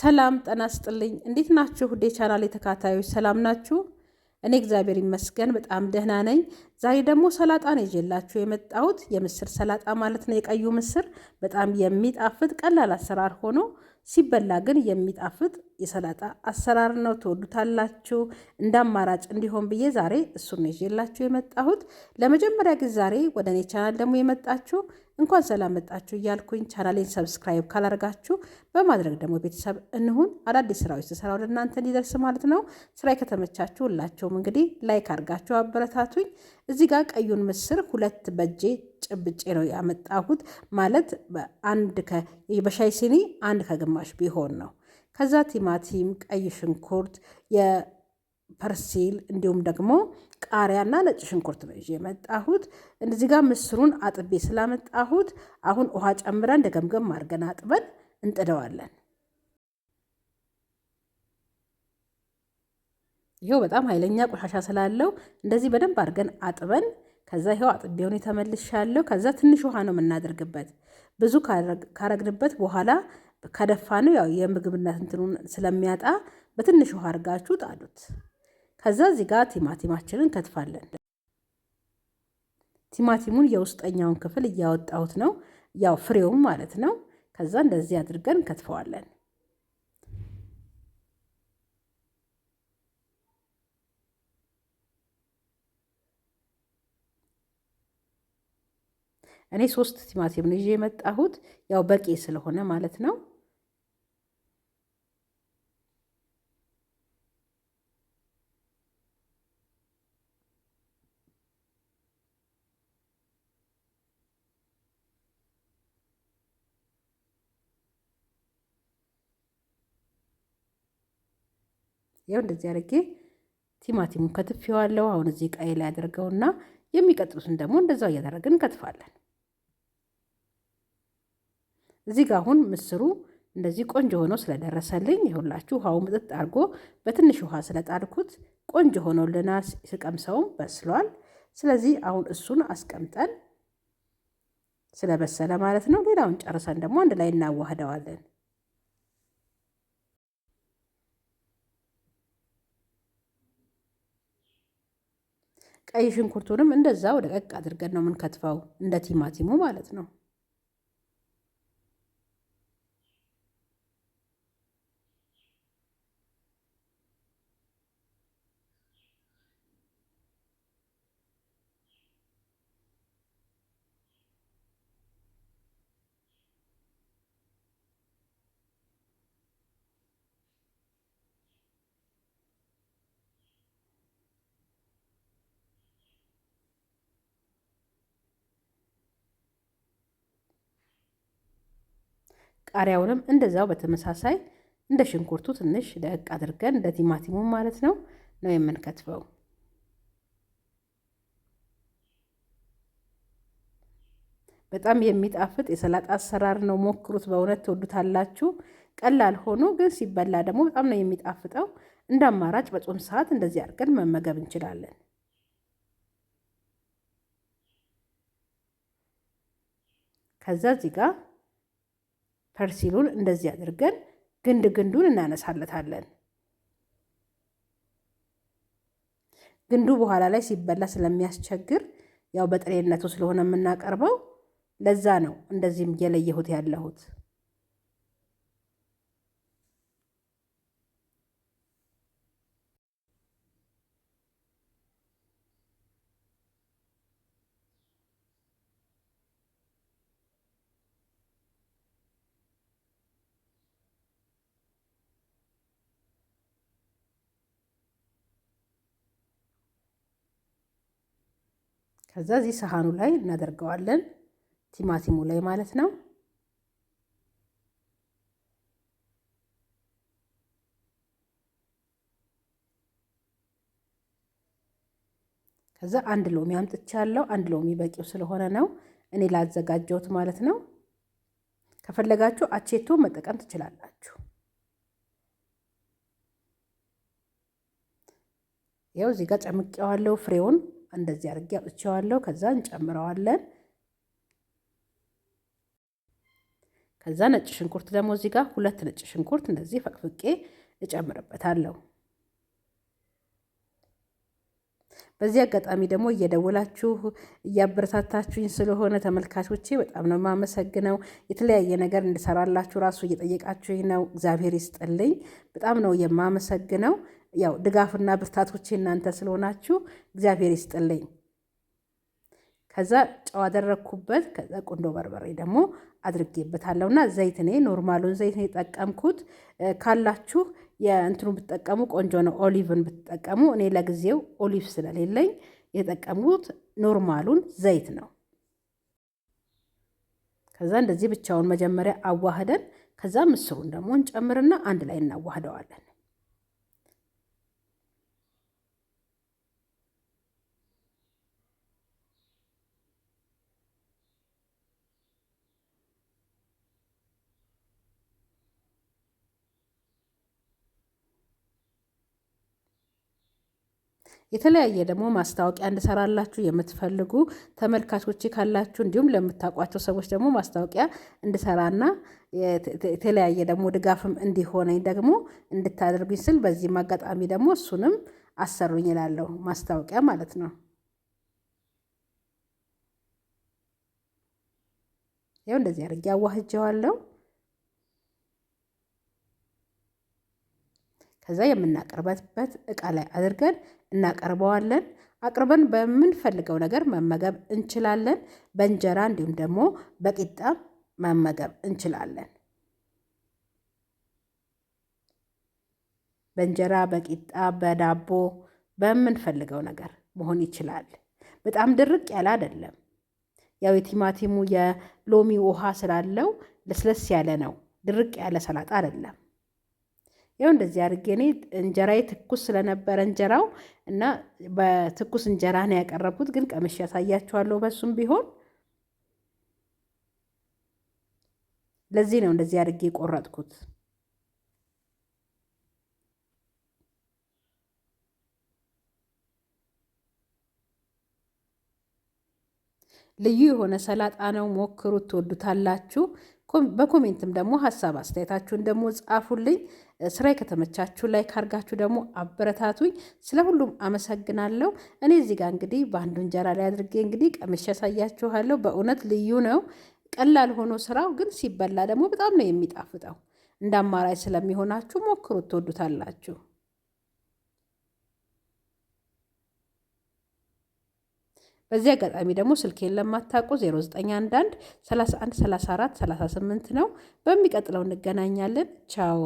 ሰላም ጠና ስጥልኝ። እንዴት ናችሁ? ውዴ ቻናል የተካታዮች ሰላም ናችሁ? እኔ እግዚአብሔር ይመስገን በጣም ደህና ነኝ። ዛሬ ደግሞ ሰላጣ ነው ይዤላችሁ የመጣሁት የምስር ሰላጣ ማለት ነው። የቀዩ ምስር በጣም የሚጣፍጥ ቀላል አሰራር ሆኖ ሲበላ ግን የሚጣፍጥ የሰላጣ አሰራር ነው። ትወዱታላችሁ። እንደ አማራጭ እንዲሆን ብዬ ዛሬ እሱን ነው ይዤላችሁ የመጣሁት። ለመጀመሪያ ጊዜ ዛሬ ወደ እኔ ቻናል ደግሞ የመጣችሁ እንኳን ሰላም መጣችሁ እያልኩኝ ቻናሌን ሰብስክራይብ ካላደርጋችሁ በማድረግ ደግሞ ቤተሰብ እንሁን። አዳዲስ ስራዎች ስሰራ ወደ እናንተ እንዲደርስ ማለት ነው። ስራ ከተመቻችሁ ሁላችሁም እንግዲህ ላይክ አድርጋችሁ አበረታቱኝ። እዚህ ጋር ቀዩን ምስር ሁለት በጄ ጭብጬ ነው ያመጣሁት። ማለት አንድ በሻይ ሲኒ አንድ ከግማሽ ቢሆን ነው ከዛ ቲማቲም፣ ቀይ ሽንኩርት፣ የፐርሲል እንዲሁም ደግሞ ቃሪያና ነጭ ሽንኩርት ነው ይዤ የመጣሁት። እዚህ ጋር ምስሩን አጥቤ ስላመጣሁት አሁን ውሃ ጨምረን ገምገም አድርገን አጥበን እንጥደዋለን። ይኸው በጣም ኃይለኛ ቆሻሻ ስላለው እንደዚህ በደንብ አድርገን አጥበን ከዛ ይኸው አጥቤውን የተመልሻለሁ። ከዛ ትንሽ ውሃ ነው የምናደርግበት። ብዙ ካረግንበት በኋላ ከደፋ ነው ያው የምግብነት እንትኑን ስለሚያጣ በትንሽ ውሃ አድርጋችሁ ጣሉት ከዛ እዚህ ጋር ቲማቲማችንን ከትፋለን። ቲማቲሙን የውስጠኛውን ክፍል እያወጣሁት ነው፣ ያው ፍሬውም ማለት ነው። ከዛ እንደዚህ አድርገን ከትፈዋለን። እኔ ሶስት ቲማቲም ነው ይዤ የመጣሁት ያው በቂ ስለሆነ ማለት ነው። ያው እንደዚህ አድርጌ ቲማቲሙን ከትፌዋለሁ። አሁን እዚህ ቃይ ላይ አድርገውና የሚቀጥሉትን ደግሞ እንደዛው እያደረግን እንከትፋለን። እዚህ ጋር አሁን ምስሩ እንደዚህ ቆንጆ ሆኖ ስለደረሰልኝ ይሁላችሁ ውሃው ምጥጥ አድርጎ በትንሽ ውሃ ስለጣልኩት ቆንጆ ሆኖልና ስቀምሰውም በስሏል። ስለዚህ አሁን እሱን አስቀምጠን ስለበሰለ ማለት ነው። ሌላውን ጨርሰን ደግሞ አንድ ላይ እናዋህደዋለን። ቀይ ሽንኩርቱንም ወደ ቀቅ አድርገን ነው የምንከትፈው እንደ ቲማቲሙ ማለት ነው። ቃሪያውንም እንደዛው በተመሳሳይ እንደ ሽንኩርቱ ትንሽ ደቅ አድርገን እንደ ቲማቲሙ ማለት ነው ነው የምንከትፈው። በጣም የሚጣፍጥ የሰላጣ አሰራር ነው። ሞክሩት፣ በእውነት ትወዱታላችሁ። ቀላል ሆኖ ግን ሲበላ ደግሞ በጣም ነው የሚጣፍጠው። እንደ አማራጭ በጾም ሰዓት እንደዚህ አድርገን መመገብ እንችላለን። ከዛ እዚህ ጋር ፐርሲሉን እንደዚህ አድርገን ግንድ ግንዱን እናነሳለታለን። ግንዱ በኋላ ላይ ሲበላ ስለሚያስቸግር ያው በጥሬነቱ ስለሆነ የምናቀርበው ለዛ ነው እንደዚህም እየለየሁት ያለሁት። ከዛ እዚህ ሰሃኑ ላይ እናደርገዋለን ቲማቲሙ ላይ ማለት ነው። ከዛ አንድ ሎሚ አምጥቻለሁ። አንድ ሎሚ በቂው ስለሆነ ነው እኔ ላዘጋጀሁት ማለት ነው። ከፈለጋችሁ አቼቶ መጠቀም ትችላላችሁ። ያው እዚህ ጋር ጨምቄዋለሁ ፍሬውን እንደዚህ አድርጌ አውጥቼዋለሁ። ከዛ እንጨምረዋለን። ከዛ ነጭ ሽንኩርት ደግሞ እዚህ ጋር ሁለት ነጭ ሽንኩርት እንደዚህ ፈቅፍቄ እጨምርበታለሁ። በዚህ አጋጣሚ ደግሞ እየደወላችሁ እያበረታታችሁኝ ስለሆነ ተመልካቾቼ በጣም ነው የማመሰግነው። የተለያየ ነገር እንድሰራላችሁ ራሱ እየጠየቃችሁኝ ነው። እግዚአብሔር ይስጥልኝ። በጣም ነው የማመሰግነው። ያው ድጋፍና ብርታቶች እናንተ ስለሆናችሁ እግዚአብሔር ይስጥልኝ። ከዛ ጨው አደረግኩበት። ከዛ ቁንዶ በርበሬ ደግሞ አድርጌበታለሁና ዘይት እኔ ኖርማሉን ዘይት ነው የጠቀምኩት። ካላችሁ የእንትኑ ብትጠቀሙ ቆንጆ ነው። ኦሊቭን ብትጠቀሙ እኔ ለጊዜው ኦሊቭ ስለሌለኝ የጠቀምኩት ኖርማሉን ዘይት ነው። ከዛ እንደዚህ ብቻውን መጀመሪያ አዋህደን ከዛ ምስሩን ደግሞ እንጨምርና አንድ ላይ እናዋህደዋለን። የተለያየ ደግሞ ማስታወቂያ እንድሰራላችሁ የምትፈልጉ ተመልካቾች ካላችሁ እንዲሁም ለምታውቋቸው ሰዎች ደግሞ ማስታወቂያ እንድሰራና የተለያየ ደግሞ ድጋፍም እንዲሆነኝ ደግሞ እንድታደርጉኝ ስል በዚህም አጋጣሚ ደግሞ እሱንም አሰሩኝ እላለሁ። ማስታወቂያ ማለት ነው። ያው እንደዚህ አድርጌ አዋህጀዋለሁ። ከዛ የምናቀርበበት እቃ ላይ አድርገን እናቀርበዋለን። አቅርበን በምንፈልገው ነገር መመገብ እንችላለን። በእንጀራ እንዲሁም ደግሞ በቂጣ መመገብ እንችላለን። በእንጀራ በቂጣ በዳቦ በምንፈልገው ነገር መሆን ይችላል። በጣም ድርቅ ያለ አይደለም። ያው የቲማቲሙ የሎሚ ውሃ ስላለው ለስለስ ያለ ነው። ድርቅ ያለ ሰላጣ አይደለም። ያው እንደዚህ አድርጌ እኔ እንጀራዬ ትኩስ ስለነበረ እንጀራው እና በትኩስ እንጀራ ነው ያቀረብኩት። ግን ቀምሼ ያሳያችኋለሁ። በሱም ቢሆን ለዚህ ነው እንደዚህ አድርጌ ቆረጥኩት። ልዩ የሆነ ሰላጣ ነው። ሞክሩት፣ ትወዱታላችሁ። በኮሜንትም ደግሞ ሀሳብ አስተያየታችሁን ደግሞ ጻፉልኝ። ስራዬ ከተመቻችሁ ላይክ አድርጋችሁ ደግሞ አበረታቱኝ። ስለ ሁሉም አመሰግናለሁ። እኔ እዚህ ጋር እንግዲህ በአንዱ እንጀራ ላይ አድርጌ እንግዲህ ቀምሼ ያሳያችኋለሁ። በእውነት ልዩ ነው። ቀላል ሆኖ ስራው ግን ሲበላ ደግሞ በጣም ነው የሚጣፍጠው። እንደ አማራጭ ስለሚሆናችሁ ሞክሩት፣ ትወዱታላችሁ። በዚህ አጋጣሚ ደግሞ ስልኬን ለማታውቁ 0911 31 34 38 ነው። በሚቀጥለው እንገናኛለን። ቻው